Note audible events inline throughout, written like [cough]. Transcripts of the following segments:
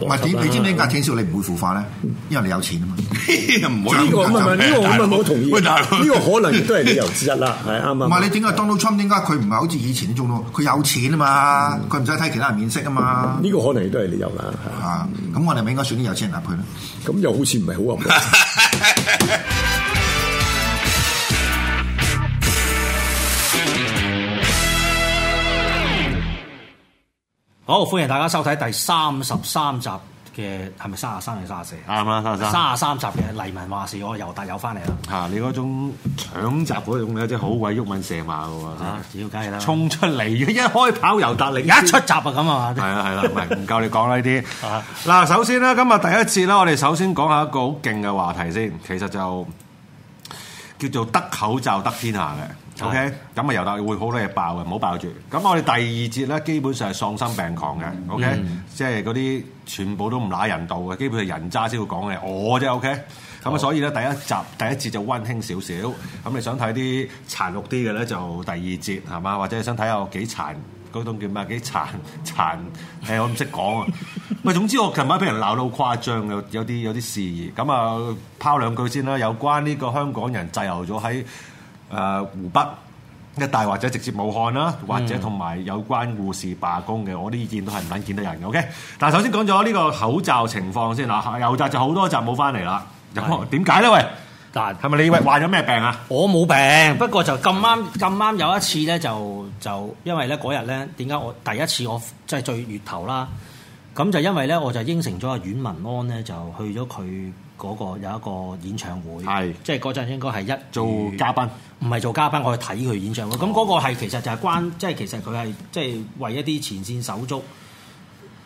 唔係點？你知唔知價錢少你唔會腐化咧？因為你有錢啊嘛，呢個唔係呢個，我唔係好同意。呢個可能亦都係理由之一啦。係啱啊。唔係你點解 Donald Trump 點解佢唔係好似以前啲總統？佢有錢啊嘛，佢唔使睇其他人面色啊嘛。呢個可能亦都係理由啦。嚇，咁我哋咪應該選啲有錢人入去咯。咁又好似唔係好合好，歡迎大家收睇第三十三集嘅，係咪三啊三定三啊四？啱啦，三啊三，三啊三集嘅《黎民話事》我由，我尤達又翻嚟啦。吓，你嗰種搶集嗰種咧，真係好鬼郁敏射馬嘅喎。吓、嗯，主要梗係啦，衝出嚟嘅一開跑又大力，一出閘啊咁啊嘛。係啊係啦，唔 [laughs] 夠你講啦呢啲。嗱， [laughs] 首先咧，今日第一節咧，我哋首先講下一個好勁嘅話題先，其實就叫做得口罩得天下嘅。OK，咁啊由得，嗯、會好多嘢爆嘅，唔好爆住。咁我哋第二節咧，基本上係喪心病狂嘅。OK，、嗯、即係嗰啲全部都唔乸人道嘅，基本上人渣先會講嘅，我啫。OK，咁啊好，所以咧第一集第一節就溫馨少少。咁你想睇啲殘酷啲嘅咧，就第二節係嘛？或者你想睇下幾殘嗰種叫咩？幾殘殘誒？我唔識講啊。唔係，總之我琴晚俾人鬧到好誇張，有啲有啲事宜。咁啊，拋兩句先啦。有關呢個香港人滯留咗喺。誒、呃、湖北一帶或者直接武漢啦，或者同埋有，有關護士罷工嘅，我啲意見都係唔肯見得人嘅。O、okay? K，但首先講咗呢個口罩情況先啦。尤達就好多集冇翻嚟啦，點解咧？喂，係咪但 你喂，為患咗咩病啊？我冇病，不過就咁啱咁啱有一次咧，就就因為咧嗰日咧，點解我第一次我即係、就是、最月頭啦，咁就因為咧我就應承咗阿阮文安咧，就去咗佢嗰個有一個演唱會，係即係嗰陣應該係一做嘉賓。唔係做嘉賓，我去睇佢演唱會。咁嗰、哦、個係其實就係關，即係其實佢係即係為一啲前線手足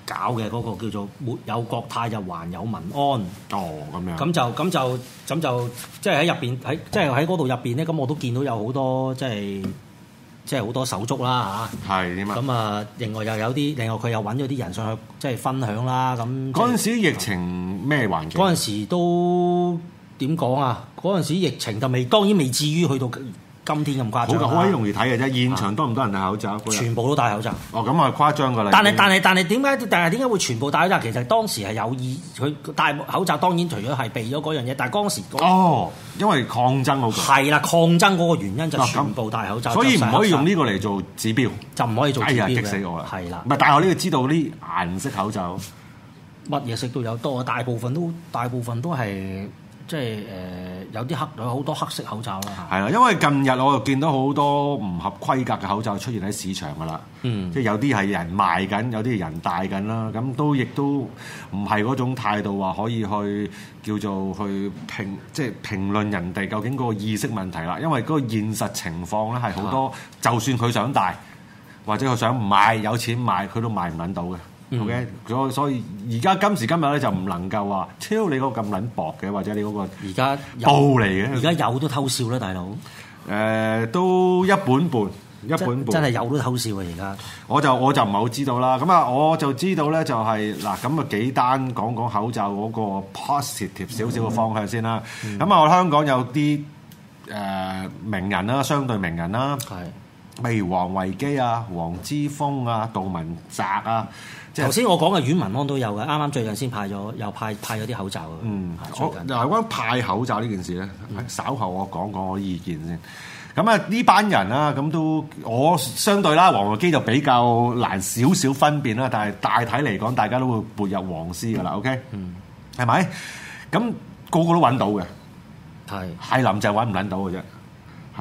搞嘅嗰、嗰個叫做沒有國泰就還有民安。哦，咁樣。咁就咁就咁就即係喺入邊喺即係喺嗰度入邊咧，咁我都見到有好多即係即係好多手足啦嚇。係點啊？咁啊，另外又有啲，另外佢又揾咗啲人上去即係分享啦。咁嗰陣時疫情咩環境？嗰陣時都。點講啊？嗰陣時疫情就未當然未至於去到今天咁誇張，好的、啊、容易睇嘅啫。現場多唔多人戴口罩？的全部都戴口罩。哦，咁啊誇張嘅啦。但係但係但係點解？但係點解會全部戴口罩？其實當時係有意佢戴口罩，當然除咗係避咗嗰樣嘢，但係當時、嗰個、哦，因為抗爭好強。係啦，抗爭嗰個原因就全部戴口罩。啊、所以唔可以用呢個嚟做指標，就唔可以做指標。係啊、哎，激死我啦！係啦的，唔係的，但係我呢度知道啲顏色口罩乜嘢色都有多，大部分都大部分都係。即係誒、呃，有啲黑有好多黑色口罩啦嚇。係啦，因為近日我又見到好多唔合規格嘅口罩出現喺市場噶啦。嗯，即係有啲係人賣緊，有啲人戴緊啦。咁都亦都唔係嗰種態度話可以去叫做去評，即係評論人哋究竟嗰個意識問題啦。因為嗰個現實情況咧係好多，是的 就算佢想戴或者佢想買，有錢買，佢都買唔撚到嘅。O.K.，所以而家今時今日咧就唔能夠話超你嗰個咁撚薄嘅，或者你嗰個而家暴嚟嘅，而家有，有都偷笑啦，大佬。誒、呃，都一本半，一本半，真係有都偷笑啊！而家，我就我就唔係好知道啦。咁啊，我就知道咧、就是，就係嗱，咁啊幾單講講口罩嗰個 positive、嗯、少少嘅方向先啦。咁啊、嗯，嗯、我香港有啲誒、呃、名人啦，相對名人啦，係的，譬如王維基啊、黃之鋒啊、杜汶澤啊。頭先我講嘅縣文安都有嘅，啱啱最近先派咗，又派派咗啲口罩啊！嗯，最近又講我派口罩呢件事咧，嗯、稍後我講講我意見先。咁啊，呢班人啦、啊，咁都我相對啦，黃華基就比較難少少分辨啦，但係大體嚟講，大家都會撥入黃絲嘅啦。OK，嗯，係咪 Okay?、嗯？咁、那個個都揾到嘅，係係林就揾唔揾到嘅啫。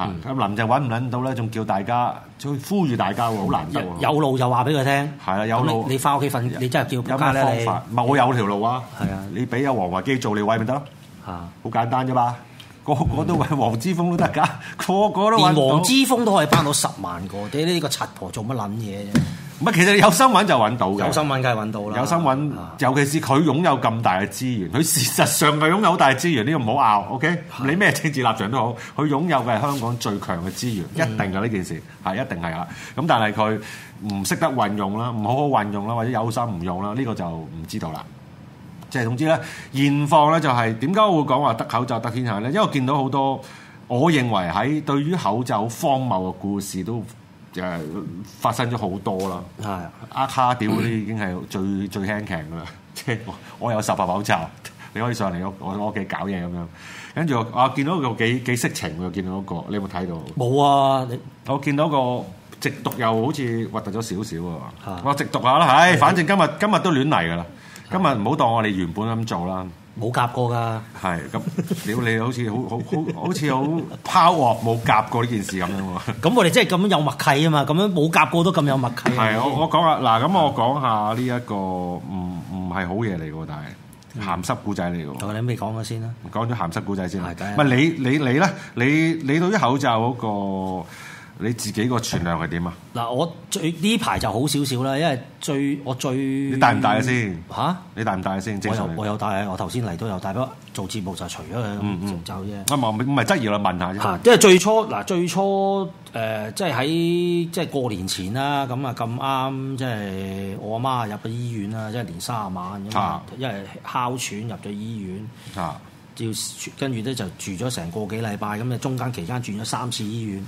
咁、嗯、林鄭揾唔揾到咧，仲叫大家，呼籲大家喎，好難得喎。有路就話俾佢聽。係啊，有路你翻屋企瞓，你真係叫加有咩方法。唔係你我有條路啊。係啊、嗯，你俾阿黃華基做你位咪得咯。嚇的，好簡單啫嘛。個個都揾黃、嗯、之鋒都得㗎，個個都揾。連黃之鋒都可以幫到十萬個，你、這、呢個柒婆做乜撚嘢啫？其實你有新聞就揾到嘅。有新聞梗係揾到啦。有新聞，尤其是佢擁有咁大嘅資源，佢事實上係擁有好大嘅資源。呢、這個唔好拗，OK？< 是 S 1> 你咩政治立場都好，佢擁有嘅係香港最強嘅資源，一定嘅呢、嗯、件事係一定係啦。咁但係佢唔識得運用啦，唔好好運用啦，或者有心唔用啦，呢、這個就唔知道啦。即係總之咧，現況咧就係點解我會講話得口罩得天下咧？因為我見到好多，我認為喺對於口罩荒謬嘅故事都。就係發生咗好多啦，的啊卡屌嗰啲已經係最 [coughs] 最輕劇啦，即係我有十把口罩，你可以上嚟我我屋企搞嘢咁樣，跟住我、啊、見到佢幾幾色情，我又見到一個，你有冇睇到？冇啊！你我見到個直讀又好似核突咗少少啊。的我直讀下啦，唉、哎，的反正今日今日都亂嚟噶啦，的今日唔好當我哋原本咁做啦。冇夾過噶，係咁屌！你好似好好好好似好拋鑊冇夾過呢件事咁樣，咁我哋真係咁有默契啊嘛！咁 [laughs] [laughs] 樣冇夾過都咁有默契。係 [laughs] 我我講下嗱，咁我講下呢一個唔唔係好嘢嚟嘅，但係鹹濕古仔嚟嘅。我哋未講嘅先啦、啊，講咗鹹濕古仔先，先、啊。唔係你你你咧？你你，你，呢你，你，你，你到啲口罩嗰、那個。你自己個存量係點啊？嗱，我最呢排就好少少啦，因為最我最你戴唔戴先吓？啊、你戴唔戴先？我有我又戴我頭先嚟都有戴不過做節目就除咗佢成就啫。唔唔唔，係、嗯嗯啊、質疑啦，問下啫。嚇！因為最初嗱、啊，最初誒，即係喺即係過年前啦，咁啊咁啱，即係我阿媽入咗醫院啦，即係年卅晚，咁啊，因為哮喘入咗醫院啊，要跟住咧就住咗成個幾禮拜咁，嘅中間期間轉咗三次醫院。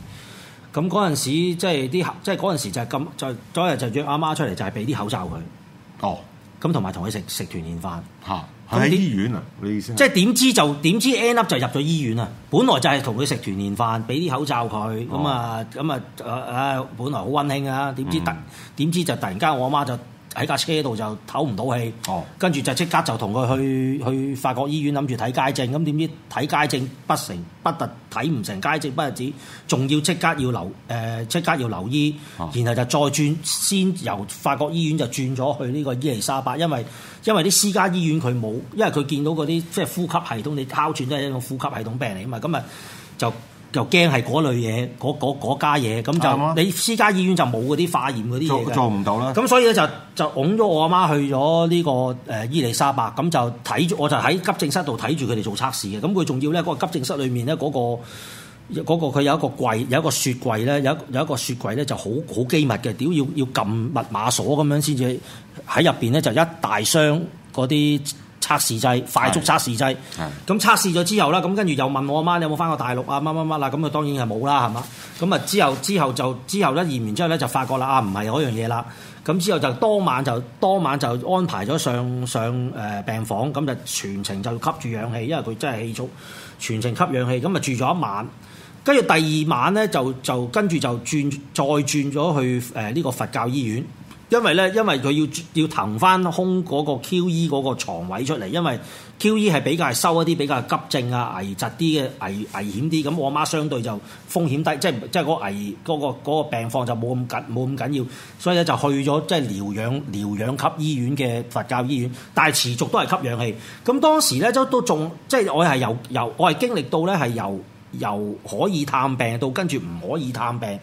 咁嗰陣時，即係啲即係嗰陣時就係咁，就嗰日就約阿媽，媽出嚟，就係俾啲口罩佢。哦，咁同埋同佢食食團年飯。嚇，喺醫院啊？你意思？即係點知就點知 end up 就入咗醫院啊？本來就係同佢食團年飯，俾啲口罩佢。咁啊、哦，咁啊，啊、呃，本來好温馨啊，點知突點、嗯、知就突然間我阿媽，媽就～喺架車度就唞唔到氣，跟住、哦、就即刻就同佢去去法國醫院諗住睇街症，咁點知睇街症不成，不特睇唔成街症，不日止，仲要即刻要留，誒、呃、即刻要留醫，哦、然後就再轉先由法國醫院就轉咗去呢個伊利沙伯，因為因為啲私家醫院佢冇，因為佢見到嗰啲即係呼吸系統，你哮喘都係一種呼吸系統病嚟噶嘛，咁咪就。就又就驚係嗰類嘢，嗰家嘢，咁就你私家醫院就冇嗰啲化驗嗰啲嘢做唔到啦。咁所以咧就就拱咗我阿媽去咗呢個誒伊麗莎白，咁就睇住，我就喺急症室度睇住佢哋做測試嘅。咁佢仲要咧，嗰個急症室裏面咧，嗰個嗰個佢有一個櫃有一個雪櫃咧，有一有一個雪櫃咧就好好機密嘅，屌要要撳密碼鎖咁樣先至喺入邊咧就一大箱嗰啲。測試劑，快速測試劑，咁的測試咗之後啦，咁跟住又問我阿媽，媽你有冇返過大陸啊？乜乜乜啦，咁啊當然係冇啦，係嘛？咁啊之後之後就之後咧驗完之後咧就發覺啦啊唔係嗰樣嘢啦，咁之後就當晚就當晚就安排咗上上誒病房，咁就全程就吸住氧氣，因為佢真係氣促，全程吸氧氣，咁啊住咗一晚，跟住第二晚咧就就跟住就轉再轉咗去誒呢、呃這個佛教醫院。因為咧，因為佢要要騰翻空嗰個 QE 嗰個牀位出嚟，因為 QE 係比較收一啲比較急症啊、危疾啲嘅危危險啲，咁我媽相對就風險低，即係即係嗰危嗰個嗰個病房就冇咁緊冇咁緊要，所以咧就去咗即係療養療養級醫院嘅佛教醫院，但係持續都係吸氧氣。咁當時咧都都仲即係我係由我由我係經歷到咧係由由可以探病到跟住唔可以探病。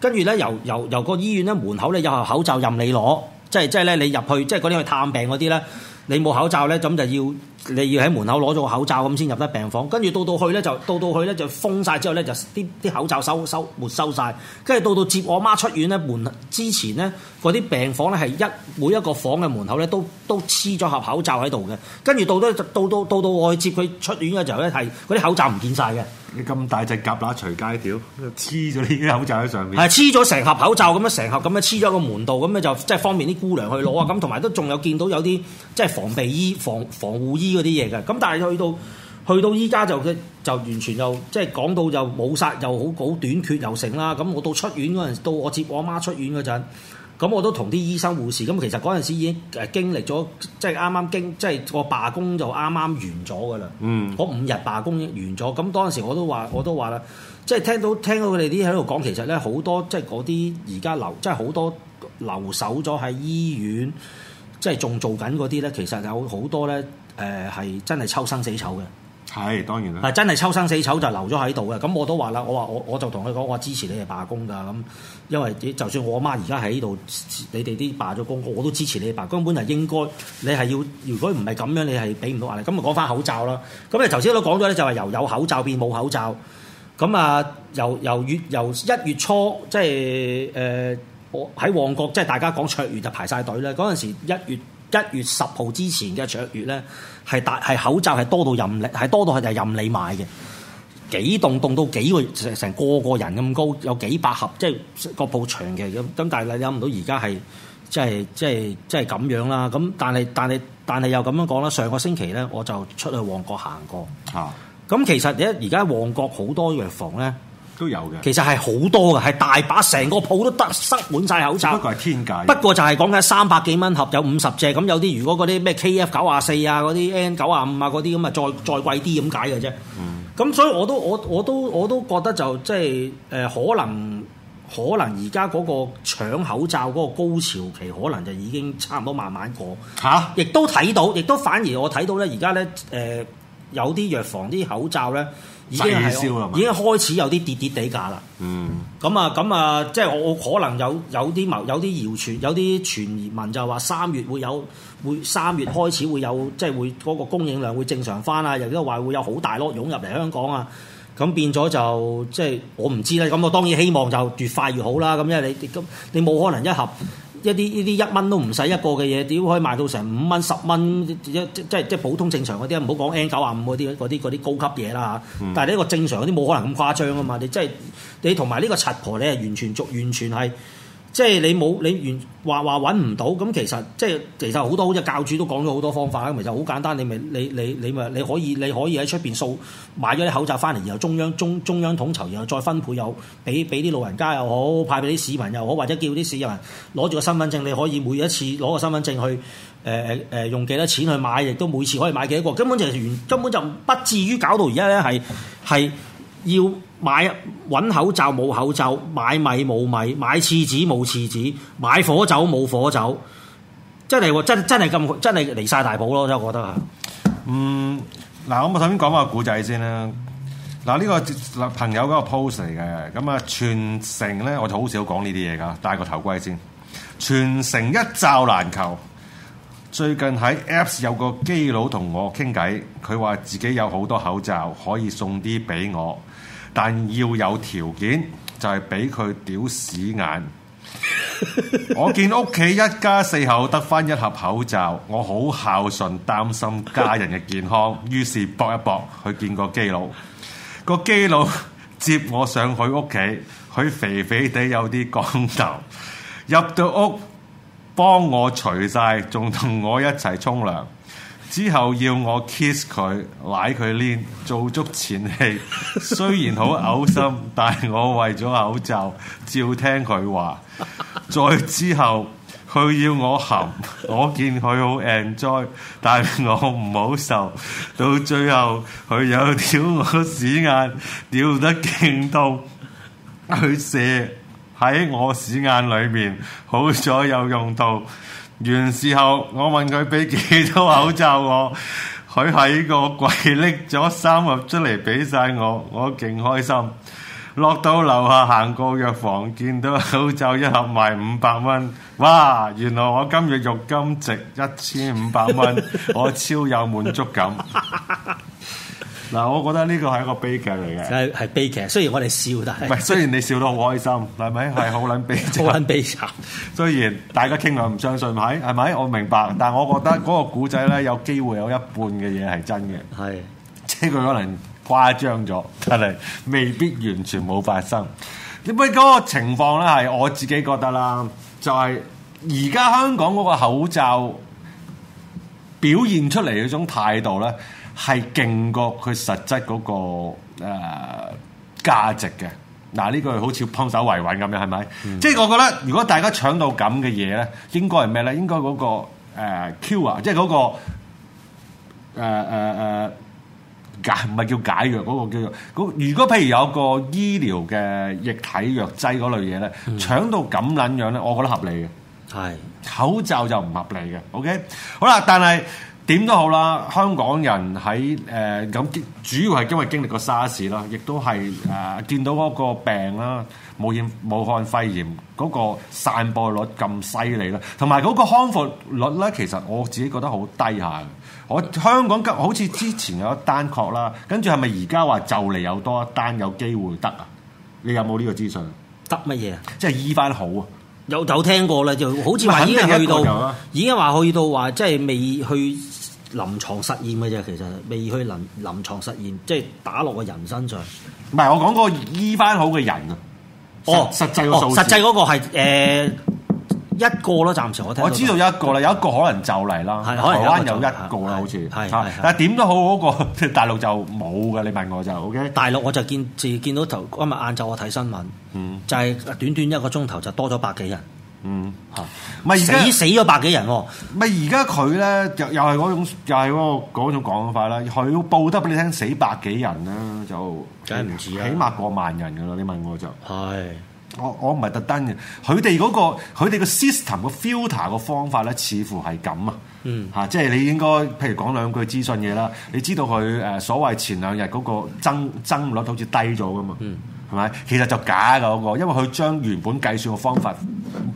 跟住咧，由由由個醫院咧門口咧有盒口罩任你攞，即係即係咧你入去，即係嗰啲去探病嗰啲咧，你冇口罩咧，咁就要。你要喺門口攞咗個口罩咁先入得病房，跟住到，到到去咧就到到去咧就封晒之後咧就啲啲口罩收收沒收晒。跟住到到接我媽，媽出院咧門之前咧嗰啲病房咧係一每一個房嘅門口咧都都黐咗盒口罩喺度嘅，跟住到到到到到我去接佢出院嘅時候咧係嗰啲口罩唔見晒嘅。你咁大隻蛤乸隨街跳黐咗呢啲口罩喺上面。係黐咗成盒口罩咁樣成盒咁樣黐咗個門度，咁樣就即係方便啲姑娘去攞啊！咁同埋都仲有見到有啲即係防備衣、防防護衣。嗰啲嘢嘅咁，但係去到去到依家就嘅就完全又即係講到就冇晒又好好短缺又成啦。咁我到出院嗰陣，到我接我媽出院嗰陣，咁我都同啲醫生護士咁。其實嗰陣時已經誒經歷咗，即係啱啱經即係個罷工就啱啱完咗㗎啦。嗯，我五日罷工完咗，咁當時我都話我都話啦，嗯、即係聽到聽到佢哋啲喺度講，其實咧好多即係嗰啲而家留即係好多留守咗喺醫院，即係仲做緊嗰啲咧，其實有好多咧。誒係、呃、真係抽生死籌嘅，係當然啦。但真係抽生死籌就留咗喺度嘅，咁我都話啦，我話我我就同佢講，我支持你哋罷工㗎。咁，因為就算我阿媽而家喺呢度，你哋啲罷咗工，我都支持你罷工，根本係應該，你係要如果唔係咁樣，你係俾唔到壓力。咁啊講翻口罩啦，咁你頭先都講咗咧，就係、是、由有口罩變冇口罩，咁啊由由月由一月初即係誒，我、就、喺、是呃、旺角即係、就是、大家講卓悅就排晒隊咧，嗰陣時一月。一月十號之前嘅卓悅咧，係戴係口罩係多到任力，係多到係就任你買嘅，幾棟棟到幾個成成個個人咁高，有幾百盒，即係個鋪長期咁。咁但係你諗唔到而家係即係即係即係咁樣啦。咁但係但係但係又咁樣講啦。上個星期咧，我就出去旺角行過。啊，咁其實而家旺角好多藥房咧。都有嘅，其實係好多嘅，係大把，成個鋪都得塞滿晒口罩。不過係天價。不過就係講緊三百幾蚊盒有五十隻，咁有啲如果嗰啲咩 KF 九啊四啊嗰啲 N 九啊五啊嗰啲咁啊，啊再再貴啲咁解嘅啫。咁、嗯、所以我都我我都我都覺得就即係誒、呃、可能可能而家嗰個搶口罩嗰個高潮期可能就已經差唔多慢慢過嚇。亦、啊、都睇到，亦都反而我睇到咧，而家咧誒有啲藥房啲口罩咧。已經已經開始有啲跌跌地價啦。嗯。咁啊，咁啊，即係我我可能有有啲謀有啲謠傳，有啲傳聞就話三月會有會三月開始會有即係會嗰個供應量會正常返啊！又都話會有好大粒湧入嚟香港啊！咁變咗就即係我唔知啦。咁我當然希望就越快越好啦。咁因為你你咁你冇可能一盒。一啲依啲一蚊都唔使一個嘅嘢，點可以賣到成五蚊十蚊？即即即普通正常嗰啲，唔好講 N95 嗰啲嗰啲嗰啲高級嘢啦嚇。嗯、但係呢個正常嗰啲冇可能咁誇張啊嘛！你即係你同埋呢個柒婆，你係完全足，完全係。即係你冇你完話話揾唔到咁，其實即係其實好多好似教主都講咗好多方法咁，其實好簡單，你咪你你你咪你可以你可以喺出邊掃買咗啲口罩翻嚟，然後中央中中央統籌，然後再分配又俾俾啲老人家又好，派俾啲市民又好，或者叫啲市民攞住個身份證，你可以每一次攞個身份證去誒誒誒用幾多錢去買，亦都每次可以買幾多個，根本就係原根本就不至於搞到而家咧係係要。買搵口罩冇口罩，買米冇米，買廁紙冇廁紙，買火酒冇火酒，真係真真係咁，真係離晒大譜咯。真係我覺得啊、嗯，嗯嗱，我咪首先講下古仔先啦。嗱，呢、這個朋友嗰個 post 嚟嘅，咁啊，全城咧，我就好少講呢啲嘢噶。戴個頭盔先，全城一罩難求。最近喺 Apps 有個基佬同我傾偈，佢話自己有好多口罩可以送啲俾我。但要有條件，就係俾佢屌屎眼。 [laughs] 我見屋企一家四口得翻一盒口罩，我好孝順，擔心家人嘅健康，於是搏一搏去見個基佬。個基佬接我上佢屋企，佢肥肥地有啲光頭，入到屋幫我除晒，仲同我一齊沖涼。之後要我 kiss 佢，拉佢攣，做足前戲，雖然好嘔心，但係我為咗口罩，照聽佢話。再之後，佢要我含，我見佢好 enjoy，但係我唔好受。到最後，佢有屌我屎眼，屌得勁到，佢射喺我屎眼裏面，好彩有用到。完事後，我問佢俾幾多口罩我，佢喺個櫃拎咗三盒出嚟俾晒我，我勁開心。落到樓下行過藥房，見到口罩一盒賣五百蚊，哇！原來我今日浴金值一千五百蚊，我超有滿足感。 [laughs] 嗱，我覺得呢個係一個悲劇嚟嘅，係係悲劇。雖然我哋笑得，但係唔係。雖然你笑得好開心，係咪？ [laughs] 係好撚悲，好撚悲慘。雖然大家傾向唔相信，係係咪？我明白，但係我覺得嗰個古仔咧，有機會有一半嘅嘢係真嘅。係是，即係佢可能誇張咗，但係未必完全冇發生。你唔係嗰個情況咧，係我自己覺得啦，就係而家香港嗰個口罩表現出嚟嗰種態度咧。係勁過佢實質嗰、那個誒、呃、價值嘅，嗱呢個好似幫手維穩咁樣，係咪？嗯、即係我覺得，如果大家搶到咁嘅嘢咧，應該係咩咧？應該嗰、那個誒 cure、呃、即係嗰、那個誒誒、呃呃、解，唔係叫解藥嗰、那個叫做。如果譬如有個醫療嘅液體藥劑嗰類嘢咧，嗯、搶到咁撚樣咧，我覺得合理嘅。係的口罩就唔合理嘅。OK，好啦，但係。點都好啦，香港人喺誒咁主要係因為經歷過沙士啦，亦都係誒、呃、見到嗰個病啦，武厭武漢肺炎嗰、嗰個散播率咁犀利啦，同埋嗰個康復率咧，其實我自己覺得好低下，我香港今好似之前有一單確啦，跟住係咪而家話就嚟有多一單有機會得啊？你有冇呢個資訊？得乜嘢啊？即係醫翻好啊？有有聽過啦，就好似已經去到，去到已經話去到話，即係未去。臨床實驗嘅啫，其實未去臨臨床實驗，即係打落個人身上。唔係，我講個醫翻好嘅人啊。哦，實哦，實際個數哦，實際嗰個係誒一個咯，暫時我聽。我知道有一個啦，有一個可能就嚟啦，對台灣有一個啦，好似嚇。但係點都好嗰、嗰個，即係大陸就冇㗎。你問我就 OK。大陸我就見至見到頭今日晏晝我睇新聞，嗯，就係短短一個鐘頭就多咗百幾人。嗯，唔係而家死死咗百幾人喎。哦，咪而家佢咧又又係嗰種又係嗰種講法啦，佢報得俾你聽死百幾人啦，就，梗係唔止啦，起碼過萬人噶啦，你問我就係。我我唔係特登嘅，佢哋嗰個佢哋個 system 個 filter 個方法咧，似乎係咁、嗯、啊，嚇，即係你應該譬如講兩句資訊嘢啦，你知道佢誒、呃、所謂前兩日嗰個增增率好似低咗㗎嘛，係咪、嗯？其實就假㗎嗰、那個，因為佢將原本計算嘅方法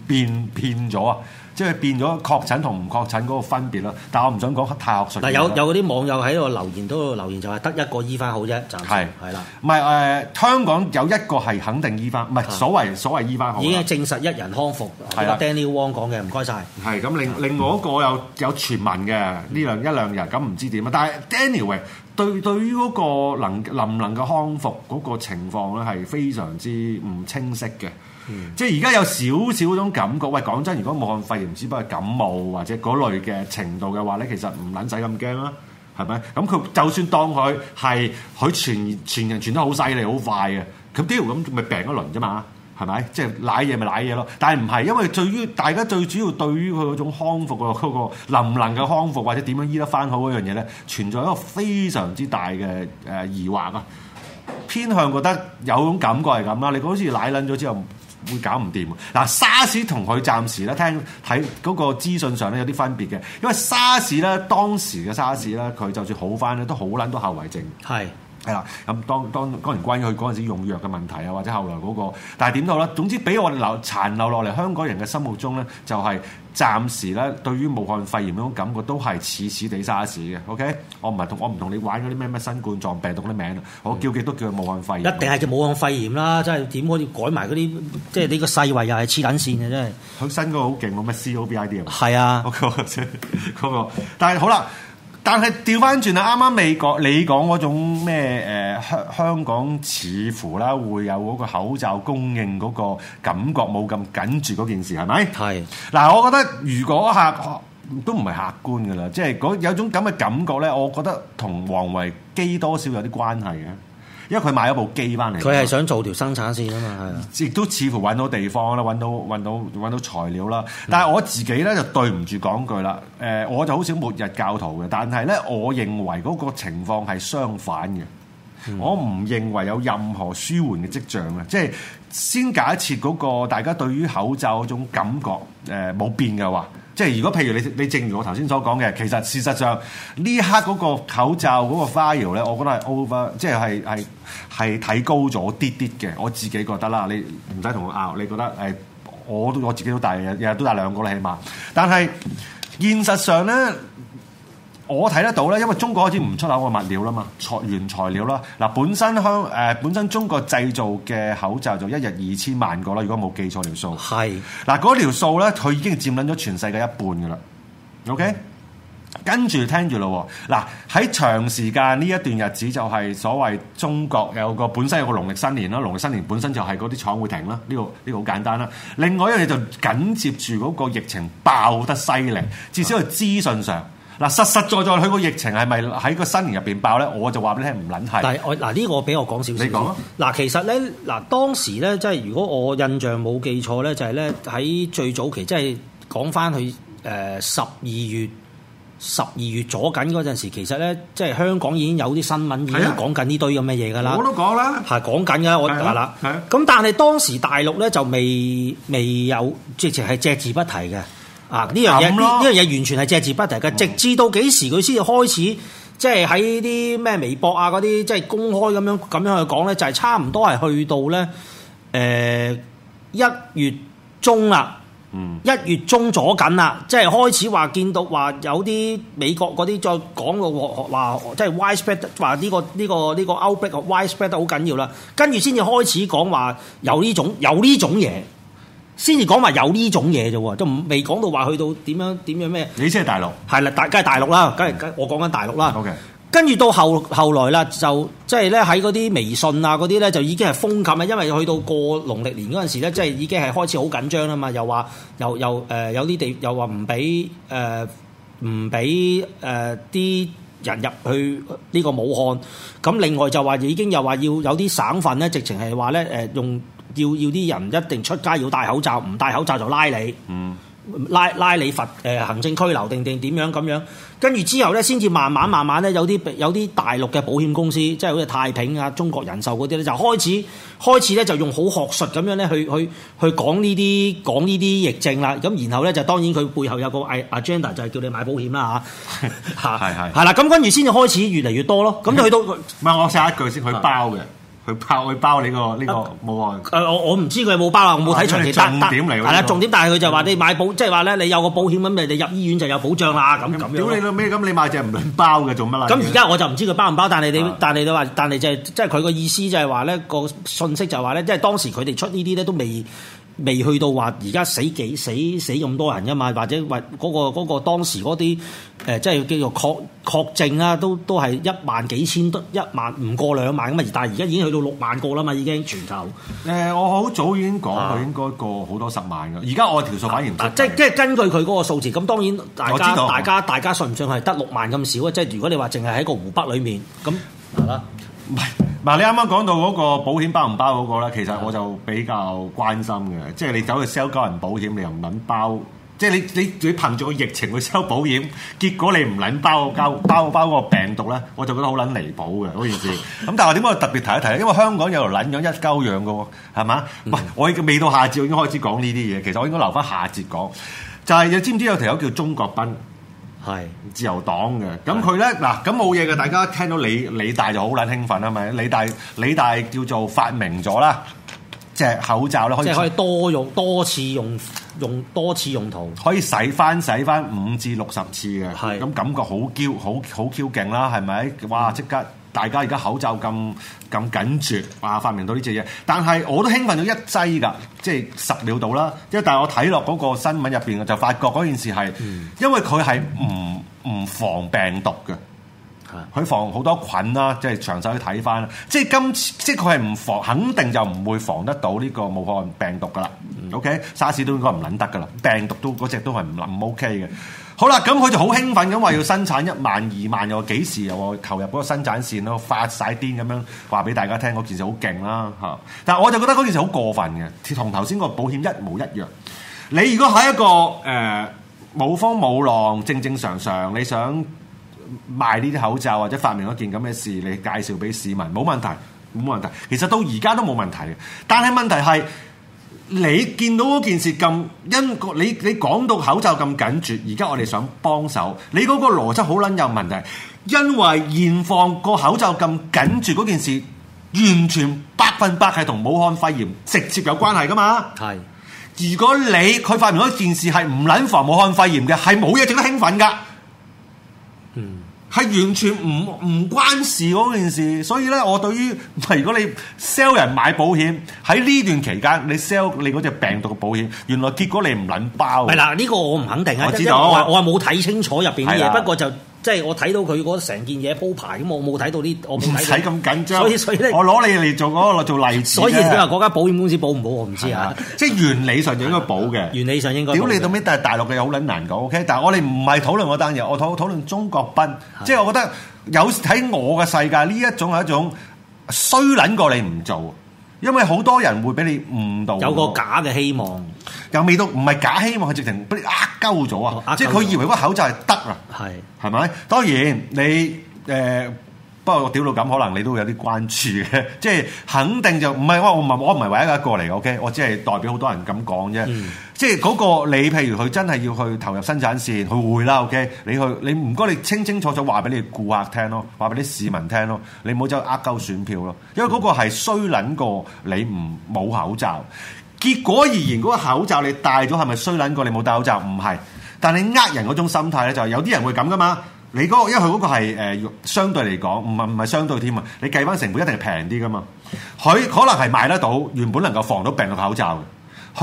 變變咗啊。即係變咗確診同唔確診嗰個分別啦，但係我唔想講太學術。但，有有嗰啲網友喺度留言，都留言就係得一個醫翻好啫，暫時係係啦。唔係誒，香港有一個係肯定醫翻，唔係所謂所謂醫翻好。已經證實一人康復，係啊，Daniel Wong 講嘅，唔該曬。係咁，另另外嗰個有有傳聞嘅呢兩一兩日，咁唔知點啊？但係 Daniel Wong 對對於嗰個能能唔能夠康復嗰個情況咧，係非常之唔清晰嘅。即係而家有少少種感覺，喂，講真，如果武漢肺炎，只不過感冒或者嗰類嘅程度嘅話咧，其實唔撚使咁驚啦，係咪？咁佢就算當佢係佢傳傳人傳得好犀利、好快嘅，咁屌，咁咪病一輪啫嘛，係咪？即係舐嘢咪舐嘢咯。但係唔係，因為對於大家最主要對於佢嗰種康復嘅嗰個能唔能夠康復，或者點樣醫得翻好嗰樣嘢咧，存在一個非常之大嘅誒疑惑啊！偏向覺得有種感覺係咁啦，你好似舐撚咗之後。會搞唔掂嗱，沙士同佢暫時咧聽睇嗰個資訊上咧有啲分別嘅。因為沙士咧當時嘅沙士咧，佢、嗯、就算好返咧，都好撚多後遺症。係。係啦，咁當當當然關於佢嗰陣時用藥嘅問題啊，或者後來嗰、嗰個，但係點都好，總之俾我哋留殘留落嚟香港人嘅心目中咧，就係暫時咧對於武漢肺炎嗰種感覺都係似似地沙士嘅。OK，我唔係同我唔同你玩嗰啲咩咩新冠狀病毒啲名我叫佢都，都叫武漢肺炎。一定係叫武漢肺炎啦，真係點可以改埋嗰啲？嗯、即係你個世衛又係黐撚線嘅真係。佢新嗰個好勁喎，咩 COVID 啊？係啊，嗰個，但係好啦。但係調翻轉啦，啱啱美國你講嗰種咩誒香香港似乎啦會有嗰個口罩供應，嗰個感覺冇咁緊住嗰件事係咪？係嗱是，我覺得如果客、哦、都唔係客觀噶啦，即係有種咁嘅感覺咧，我覺得同王維基多少有啲關係嘅。因為佢買咗部機翻嚟，佢係想做條生產線啊嘛，係。亦都似乎揾到地方啦，揾到揾到揾到材料啦。但係我自己咧就對唔住講句啦，誒，我就好少末日教徒嘅，但係咧，我認為嗰個情況係相反嘅，嗯、我唔認為有任何舒緩嘅跡象啊。即係先假設嗰個大家對於口罩嗰種感覺誒冇、呃、變嘅話。即係如果譬如你你正如我頭先所講嘅，其實事實上呢一刻嗰個口罩嗰個 fire 咧，我覺得係 over，即係係係係睇高咗啲啲嘅，我自己覺得啦，你唔使同我拗，你覺得誒，我我自己都戴日日都戴兩個啦，起碼，但係現實上咧。我睇得到咧，因為中國開始唔出口嘅物料啦嘛，材、嗯、原材料啦。嗱，本身香誒、呃，本身中國製造嘅口罩就一日二千萬個啦，如果冇記錯條數。係嗱是，嗰條數咧，佢已經佔領咗全世界一半噶啦。OK、嗯、跟住聽住咯。嗱，喺長時間呢一段日子，就係所謂中國有個本身有個農曆新年啦，農曆新年本身就係嗰啲廠會停啦。呢、這個呢、這個好簡單啦。另外一樣嘢就緊接住嗰個疫情爆得犀利，嗯、至少喺資訊上。嗱，實實在在佢個疫情係咪喺個新年入邊爆咧？我就話咧唔撚係。嗱，我嗱呢、這個俾我講少少。你講啊！嗱，其實咧嗱，當時咧即係如果我印象冇記錯咧，就係咧喺最早期，即係講翻去誒十二月十二月左緊嗰陣時，其實咧即係香港已經有啲新聞已經講緊呢堆咁嘅嘢噶啦。我都講啦。係講緊噶，我話啦。係、啊。咁、啊、但係當時大陸咧就未未有，即係係隻字不提嘅。啊！呢樣嘢，呢樣嘢完全係隻字不提嘅，直至到幾時佢先開始，即係喺啲咩微博啊嗰啲，即係公開咁樣咁樣去講咧，就係、是、差唔多係去到咧誒一月中啦，一月中咗緊啦，即係開始話見到話有啲美國嗰啲再講個話，即係 widespread 話呢個呢、這個呢、這個 outbreak widespread 得好緊要啦，跟住先至開始講話有呢種有呢種嘢。先至講話有呢種嘢啫喎，都未講到話去到點樣點樣咩？你先係大陸，係啦，大梗係大陸啦，梗係我講緊大陸啦。O K。跟住到後後來啦，就即係咧喺嗰啲微信啊嗰啲咧，就已經係封禁啦，因為去到過農曆年嗰陣時咧，即係已經係開始好緊張啦嘛，又話又又誒有啲地，又話唔俾誒唔俾誒啲人入去呢個武漢。咁另外就話已經又話要有啲省份咧，直情係話咧誒用。要要啲人一定出街要戴口罩，唔戴口罩就拉你，嗯、拉拉你罰誒、呃、行政拘留定定點樣。咁樣，跟住之後咧，先至慢慢慢慢咧有啲有啲大陸嘅保險公司，即係好似太平啊、中國人壽嗰啲咧，就開始開始咧就用好學術咁樣咧去去去，去講呢啲講呢啲疫症啦，咁然後咧就當然佢背後有個誒 agenda 就係叫你買保險啦吓，係係係啦，咁跟住先至開始越嚟越多咯，咁就去到唔係、嗯、我寫一句先，佢包嘅。佢包佢包你、這個呢個冇喎。誒我我唔知佢冇包啊，我冇睇、啊、長期單。重點嚟，係啦但但，重點，但係佢就話你買保，嗯、即係話咧你有個保險咁，你就入醫院就有保障啦。咁咁、嗯、樣。屌你老尾，咁你買隻唔卵包嘅做乜啦？咁而家我就唔知佢包唔包，但係你是的 但係你話，但係就係、是、即係佢個意思就係話咧個信息就話咧，即係當時佢哋出呢啲咧都未。未去到話而家死幾死死咁多人㗎嘛，或者或、嗰、嗰個嗰、嗰個當時嗰啲誒，即係叫做確確證啦、啊，都都係一萬幾千得一萬，唔過兩萬咁嘛。而但係而家已經去到六萬個啦嘛，已經全球。誒、呃，我好早已經講佢應該過好多十萬㗎。而家、啊、我條數反而大，即係即係根據佢嗰個數字咁，當然大家大家、嗯、大家信唔信係得六萬咁少啊？即係如果你話淨係喺個湖北裡面咁，係啦。嗱，你啱啱講到嗰個保險包唔包嗰、嗰個咧，其實我就比較關心嘅，即係你走去 sell 交人保險，你又唔撚包，即係你你你憑住個疫情去 sell 保險，結果你唔撚包交包包個病毒咧，我就覺得好撚離譜嘅嗰件事。咁 [laughs] 但係我點解特別提一提咧？因為香港有條撚樣一鳩樣嘅喎，係嘛？喂， [laughs] 我已經未到下節，我已經開始講呢啲嘢。其實我應該留返下節講。就係、係、你知唔知有條友叫鍾國斌？係是自由黨嘅，咁佢咧嗱，咁冇嘢嘅。大家聽到理、理大就好撚興奮啦，係咪？理大理大叫做發明咗啦，隻口罩咧可以即係可以多用多次用用多次用途，可以洗翻洗翻五至六十次嘅，咁是的 感覺好嬌好好 Q 勁啦，係咪？哇！即刻～大家而家口罩咁咁緊絕，哇、啊！發明到呢隻嘢，但係我都興奮咗一劑㗎，即係實料到啦。因為但係我睇落嗰個新聞入邊，就發覺嗰件事係因為佢係唔唔防病毒嘅，佢防好多菌啦。即係詳細去睇翻，即係今次，即係佢係唔防，肯定就唔會防得到呢個武漢病毒㗎啦。OK，沙士都應該唔撚得㗎啦，病毒都嗰隻都係唔撚 O K 嘅。好啦，咁佢就好興奮咁話要生產一萬二萬，又幾時又投入嗰個生產線咯，發晒癲咁樣話俾大家聽嗰件事好勁啦。但係我就覺得嗰件事好過分嘅，同頭先個保險一模一樣。你如果喺一個誒冇、呃、冇風冇浪正正常常，你想賣呢啲口罩或者發明一件咁嘅事，你介紹俾市民冇問題，冇問題。其實到而家都冇問題嘅，但係問題係。你見到嗰件事，咁因你，你講到口罩咁緊絕，而家我哋想幫手，你嗰個邏輯好撚有問題。因為現況個口罩咁緊絕嗰件事，完全百分百係同武漢肺炎直接有關係噶嘛？係是。如果你佢發明嗰件事係唔撚防武漢肺炎嘅，係冇嘢值得興奮噶。嗯。係完全唔唔關事嗰件事，所以咧，我對於，如果你 sell 人買保險喺呢段期間，你 sell 你嗰隻病毒嘅保險，原來結果你唔撚包，係啦，呢個我唔肯定啊，我我我係冇睇清楚入邊嘅嘢，的不過就。即係我睇到佢嗰成件嘢鋪排咁，我冇睇到啲，我唔使咁緊張。所以所以我攞你嚟做嗰、嗰個、做例子。 [laughs] 所以佢話嗰間保險公司保唔保我唔知啊。即係原，原理上應該保嘅。原理上應該。屌你到尾都係大陸嘅嘢，好撚難講。OK，但係我哋唔係討論嗰單嘢，我討討論中國賓。的即係我覺得有睇我嘅世界呢一種係一種衰撚過你唔做，因為好多人會俾你誤導。有個假嘅希望。嗯有味道唔係假希望，佢直情俾你呃鳩咗啊！即係佢以為個口罩係得啊，係係咪？當然你誒，不過我屌到咁，可能你都會有啲關注嘅。即係肯定就唔係我我我唔係唯一一個嚟嘅，OK？我只係代表好多人咁講啫。即係嗰個你，譬如佢真係要去投入生產線，佢會啦，OK？你去你唔該，你清清楚楚話俾你顧客聽咯，話俾啲市民聽咯，你唔好走去呃鳩選票咯，因為嗰個係衰撚過你唔冇口罩。結果而言，嗰、那個口罩你戴咗係咪衰撚過？你冇戴口罩唔係。但係你呃人嗰種心態咧，就係、有啲人會咁噶嘛。你嗰、那個，因為佢嗰個係、呃、相對嚟講，唔係唔係相對添啊。你計翻成本一定係平啲噶嘛。佢可能係買得到，原本能夠防到病毒口罩嘅。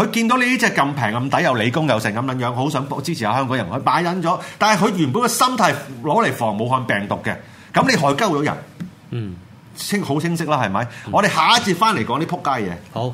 佢見到你呢隻咁平咁抵又理工又成咁樣樣，好想支持下香港人，佢買緊咗。但係佢原本嘅心態攞嚟防武漢病毒嘅，咁你害鳩咗人，嗯，清好清晰啦，係咪？嗯、我哋下一節翻嚟講啲撲街嘢。好。